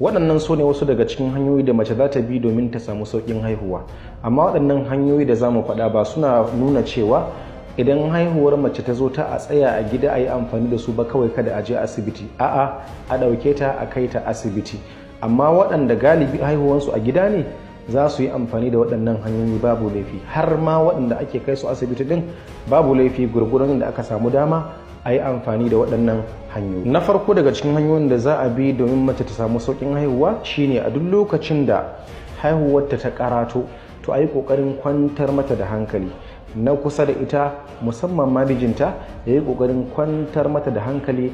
waɗannan su ne wasu daga cikin hanyoyi da mace za ta bi domin ta samu sauƙin haihuwa amma waɗannan hanyoyi da za mu faɗa ba suna nuna cewa idan haihuwar mace ta zo ta a tsaya a gida a yi amfani da su ba kawai kada a je asibiti a'a a ɗauke ta a kai ta asibiti amma waɗanda galibi haihuwansu a gida ne za su yi amfani da waɗannan hanyoyi babu laifi har ma waɗanda ake kai su asibiti din babu laifi gurgurun da aka samu dama a yi amfani da waɗannan hanyoyi na farko daga cikin hanyoyin da za a bi domin mace ta samu sauƙin haihuwa shine a duk lokacin da haihuwarta ta karato to a yi ƙoƙarin kwantar mata da hankali na kusa da ita musamman ma mijinta ya yi ƙoƙarin kwantar mata da hankali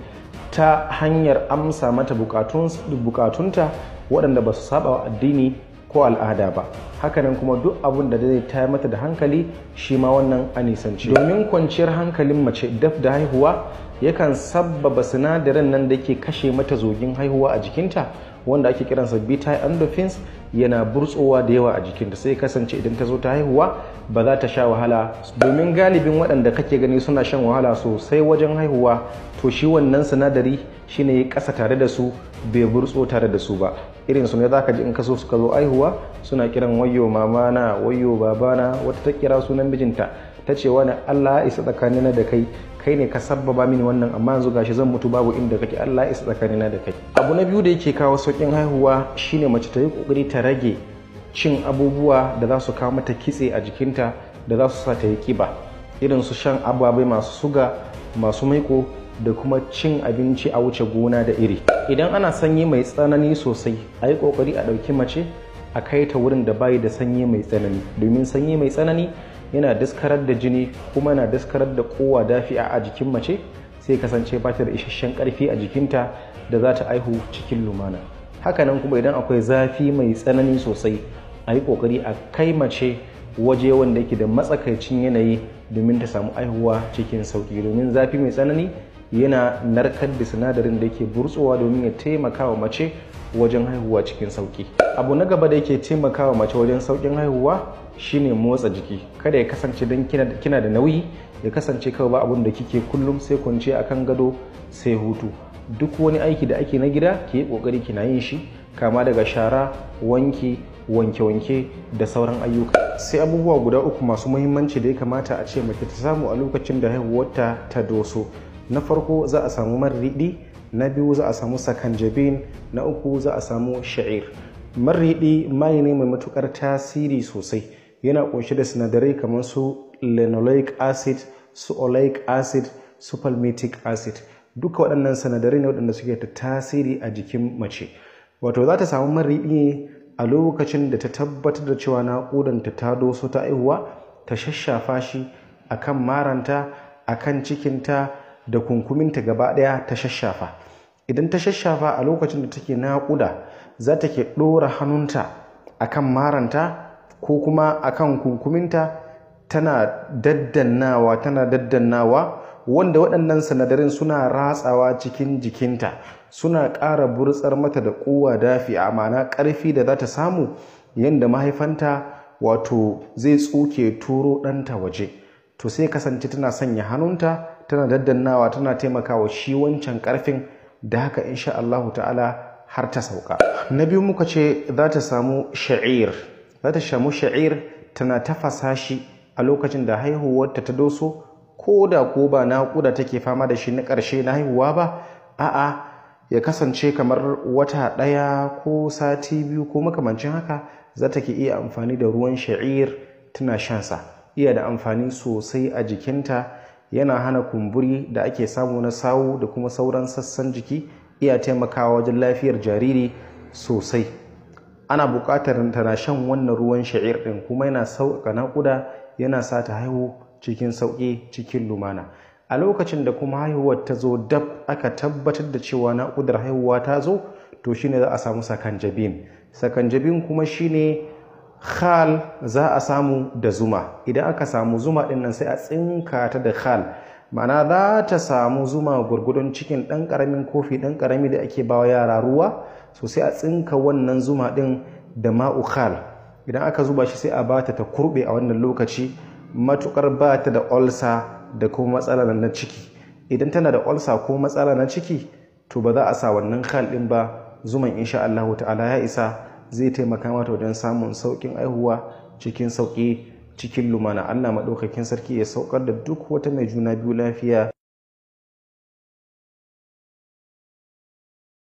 ta hanyar amsa mata bukatunta waɗanda ba su saba wa addini ko al'ada ba hakanan kuma duk abun da zai tayar mata da hankali shi ma wannan a nisanci domin kwanciyar hankalin mace daf da haihuwa yakan sabbaba sinadarin nan da ke kashe mata zogin haihuwa a jikinta wanda ake kiransa beta endorphins yana burtsowa da yawa a jikinta sai kasance idan ta zo ta haihuwa ba za ta sha wahala domin galibin waɗanda kake gani suna shan wahala sosai wajen haihuwa to shi wannan sinadari shine ya ƙasa tare da su bai burtso tare da su ba irin su ne za ka ji in ka so suka zo aihuwa suna kiran wayo mamana wayo babana wata ta kira sunan mijinta ta ce wani Allah isa tsakanina da kai kai ne ka sabbaba mini wannan amma yanzu gashi zan mutu babu inda kake Allah isa tsakanina da kai abu na biyu da yake kawo saukin haihuwa shine mace ta yi kokari ta rage cin abubuwa da za su kawo mata kitse a jikinta da za su sa ta yi kiba irin su shan ababai masu suga masu maiko da kuma cin abinci a wuce gona da iri idan ana sanyi mai tsanani sosai a yi ƙoƙari a ɗauki mace a kai ta wurin da bayi da sanyi mai tsanani domin sanyi mai tsanani yana daskarar da jini kuma yana daskarar da kowa dafi'a a jikin mace sai kasance ba ta da isasshen karfi a jikinta da za ta aihu cikin lumana hakanan kuma idan akwai zafi mai tsanani sosai a yi ƙoƙari a kai mace waje wanda yake da matsakaicin yanayi domin ta samu aihuwa cikin sauki domin zafi mai tsanani yana narkar da sinadarin da yake burtsowa domin ya taimaka wa mace wajen haihuwa cikin sauki abu na gaba da yake taimakawa mace wajen saukin haihuwa shine motsa jiki kada ya kasance don kina da nauyi ya kasance kawai ba abun da kike kullum sai kwance kan gado sai hutu duk wani aiki da ake na gida ki yi kokari kina yin shi kama daga shara wanki wanke-wanke da sauran ayyuka sai abubuwa guda uku masu muhimmanci da ya kamata a ce mace ta samu a lokacin da haihuwarta ta doso na farko za a samu marriɗi na biyu za a samu sakanjabin na uku za a samu sha'ir marriɗi mai ne mai matuƙar tasiri sosai yana ƙunshe da sinadarai kamar su linoleic acid su oleic acid su palmitic acid duka waɗannan sinadarai ne waɗanda suke da tasiri a jikin mace wato za ta samu marriɗi a lokacin da ta tabbatar da cewa na naƙudanta ta doso ta aihuwa ta shashafa shi akan maranta akan cikinta da kunkuminta gaba ɗaya ta shashafa idan ta shashafa a lokacin da take naƙuda za ta ke ɗora hannunta a kan maranta ko kuma a kan kunkuminta tana daddannawa tana daddannawa wanda waɗannan sanadarin suna ratsawa cikin jikinta suna ƙara burtsar mata da ƙuwa dafi a ma'ana ƙarfi da za ta samu yadda mahaifanta wato zai tsoke turo ɗanta waje to sai kasance tana sanya hannunta tana daddannawa tana taimakawa shi wancan karfin da haka insha Allahu ta'ala har ta sauka na biyu muka ce za ta samu sha'ir za ta samu sha'ir tana tafasa shi a lokacin da haihuwarta ta doso ko da ko ba naƙuda take fama da shi na ƙarshe na haihuwa ba a'a ya kasance kamar wata ɗaya ko sati biyu ko makamancin haka za ta ke iya amfani da ruwan sha'ir tana shansa iya da amfani sosai a jikinta yana hana kumburi da ake samu na sawu da kuma sauran sassan jiki iya taimakawa wajen lafiyar jariri sosai ana buƙatar tana shan wannan ruwan sha'ir ɗin kuma yana sauƙaƙa naƙuda yana sa ta haihu cikin sauƙi cikin lumana a lokacin da kuma haihuwar ta zo dab aka tabbatar da cewa naƙudar haihuwa ta zo to shine za a samu sakanjabin sakanjabin kuma shine khal za a samu da zuma idan aka samu zuma din nan sai a tsinka ta da khal mana za ta samu zuma gurgudun cikin ɗan ƙaramin kofi ɗan ƙarami da ake bawa yara ruwa so sai a tsinka wannan zuma ɗin da ma'u khal idan aka zuba shi sai a bata ta kurɓe a wannan lokaci matuƙar ba ta da olsa da kuma matsala na ciki idan tana da olsa ko matsala na ciki to ba za a sa wannan khal ɗin ba zuman insha Allah ta'ala ya isa zai taimaka mata wajen samun sauƙin aihuwa cikin sauƙi cikin lumana allah maɗaukakin sarki ya saukar da duk wata mai juna biyu lafiya